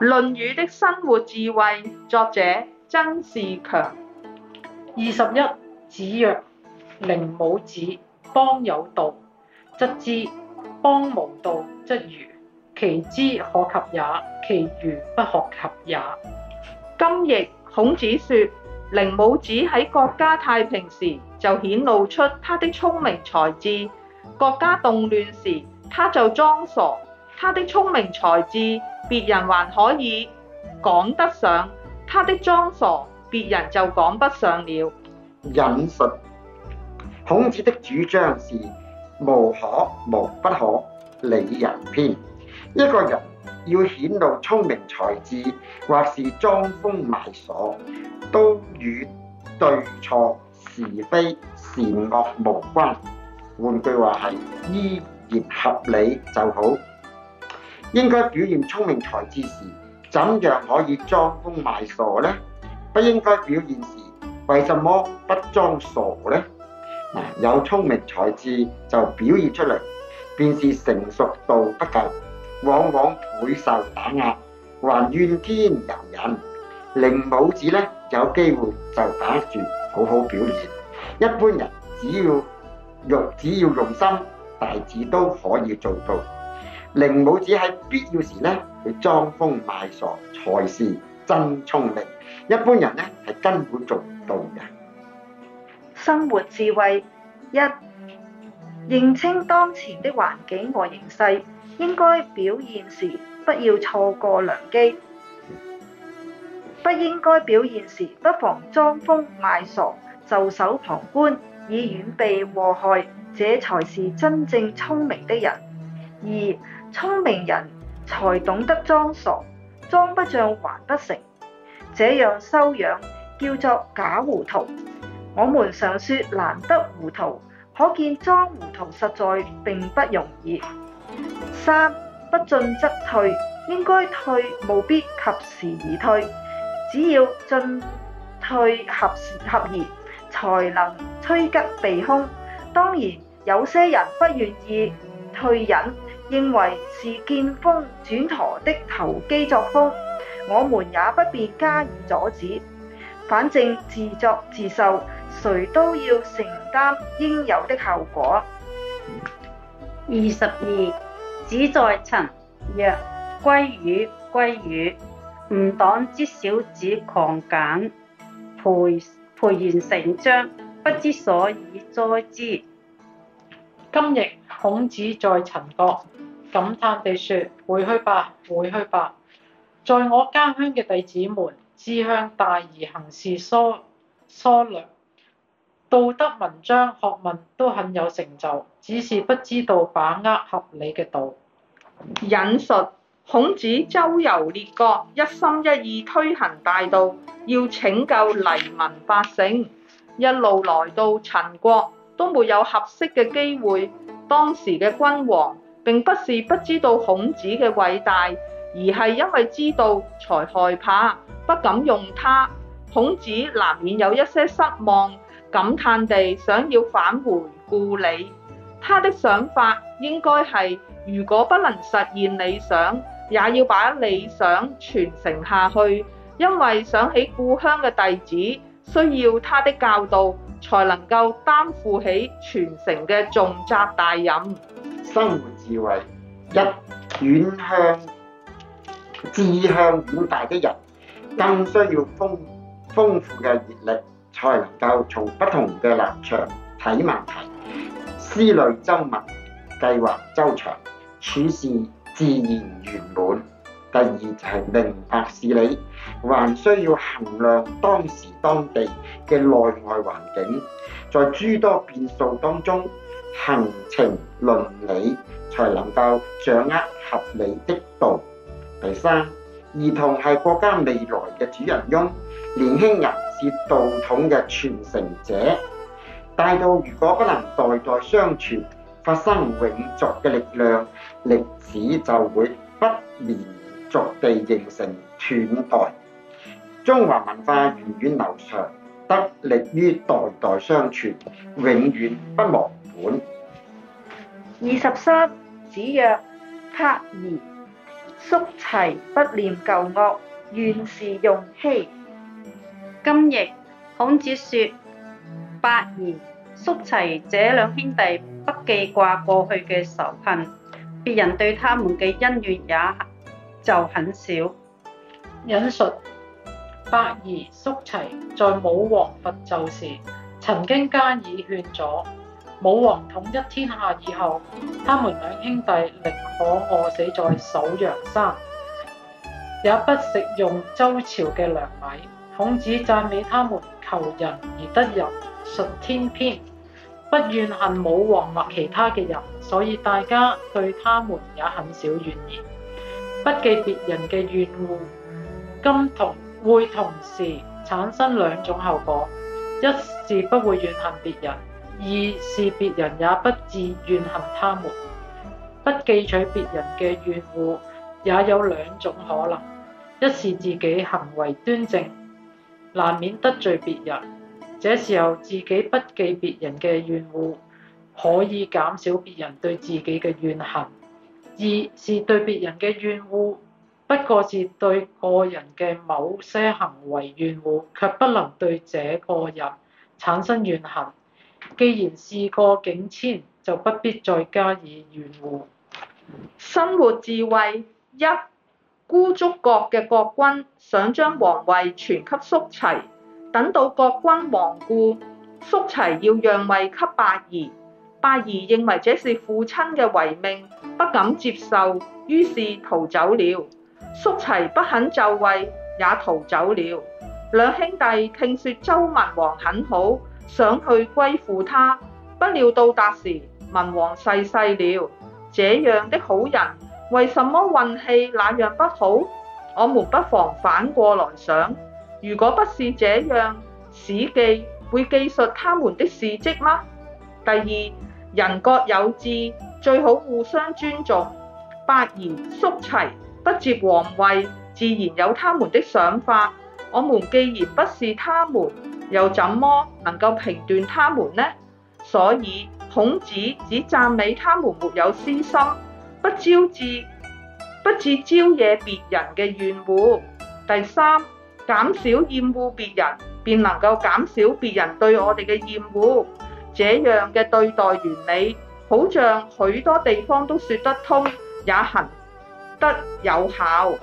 《論語》的生活智慧，作者曾仕強。二十一，子曰：寧武子，邦有道則知，邦無道則愚。其知可及也，其愚不可及也。今譯孔子說，寧武子喺國家太平時就顯露出他的聰明才智，國家動亂時他就裝傻。他的聰明才智，別人還可以講得上；他的裝傻，別人就講不上了。引述孔子的主張是：無可無不可。里仁篇，一個人要顯露聰明才智，或是裝瘋賣傻，都與對錯是非善惡無關。換句話係，依然合理就好。應該表現聰明才智時，怎樣可以裝瘋賣傻呢？不應該表現時，為什麼不裝傻呢？嗱、啊，有聰明才智就表現出嚟，便是成熟度不夠，往往會受打壓，還怨天尤人，人。令母子呢，有機會就打住，好好表現。一般人只要用只要用心，大致都可以做到。甯武子喺必要時呢，去裝瘋賣傻才是真聰明，一般人呢，係根本做唔到嘅。生活智慧一，認清當前的環境和形勢，應該表現時不要錯過良機；嗯、不應該表現時不妨裝瘋賣傻，袖手旁觀，以遠避禍害，這才是真正聰明的人。二聰明人才懂得裝傻，裝不像還不成，這樣修養叫做假糊塗。我們常說難得糊塗，可見裝糊塗實在並不容易。三，不進則退，應該退，務必及時而退，只要進退合時合宜，才能趨吉避凶。當然，有些人不願意不退隱。認為是見風轉舵的投機作風，我們也不必加以阻止。反正自作自受，誰都要承擔應有的後果。二十二，子在陳曰：歸與歸與，吾黨之小子狂簡，斐斐然成章，不知所以裁之。今日孔子在陳國，感嘆地說：回去吧，回去吧！在我家鄉嘅弟子們，志向大而行事疏疏略，道德文章學問都很有成就，只是不知道把握合理嘅道。引述孔子周遊列國，一心一意推行大道，要拯救黎民百姓，一路來到陳國。都沒有合適嘅機會，當時嘅君王並不是不知道孔子嘅偉大，而係因為知道才害怕，不敢用他。孔子難免有一些失望，感嘆地想要返回故里。他的想法應該係，如果不能實現理想，也要把理想傳承下去，因為想起故鄉嘅弟子，需要他的教導。才能夠擔負起全城嘅重責大任。生活智慧一，遠向志向遠大的人，更需要豐豐富嘅閱歷，才能夠從不同嘅立場睇問題，思慮周密，計劃周詳，處事自然圓滿。第二就係明白事理，還需要衡量當時當地嘅內外環境，在諸多變數當中，衡情論理，才能夠掌握合理的道。第三，兒童係國家未來嘅主人翁，年輕人是道統嘅傳承者。大道如果不能代代相傳，發生永續嘅力量，歷史就會不滅。逐地形成斷代，中華文化源遠流長，得力於代代相傳，永遠不忘本。二十三，子曰：伯夷、叔齊不念舊惡，怨是用希。今譯孔子説：伯夷、叔齊這兩兄弟不記掛過去嘅仇恨，別人對他們嘅恩怨也。就很少引述。伯夷叔齊在武王伐紂時，曾經加以勸阻。武王統一天下以後，他們兩兄弟寧可餓死在首陽山，也不食用周朝嘅糧米。孔子贊美他們求仁而得仁，順天篇，不怨恨武王或其他嘅人，所以大家對他們也很少怨言。不記別人嘅怨惡，噉同會同時產生兩種後果：一是不會怨恨別人，二是別人也不至怨恨他們。不記取別人嘅怨惡，也有兩種可能：一是自己行為端正，難免得罪別人，這時候自己不記別人嘅怨惡，可以減少別人對自己嘅怨恨。二是對別人嘅怨惡，不過是對個人嘅某些行為怨惡，卻不能對這個人產生怨恨。既然事過境遷，就不必再加以怨惡。生活智慧一，孤竹國嘅國君想將皇位傳給叔齊，等到國君亡故，叔齊要讓位給伯夷，伯夷認為這是父親嘅遺命。不敢接受，於是逃走了。叔齊不肯就位，也逃走了。兩兄弟聽說周文王很好，想去歸附他。不料到達時，文王逝世了。這樣的好人，為什麼運氣那樣不好？我們不妨反過來想：如果不是這樣，史記會記述他們的事蹟嗎？第二，人各有志。最好互相尊重。伯夷、叔齊不接王位，自然有他們的想法。我們既然不是他們，又怎麼能夠評斷他們呢？所以孔子只讚美他們沒有私心，不招致、不致招惹別人嘅怨惡。第三，減少厭惡別人，便能夠減少別人對我哋嘅厭惡。這樣嘅對待原理。好像許多地方都說得通，也行得有效。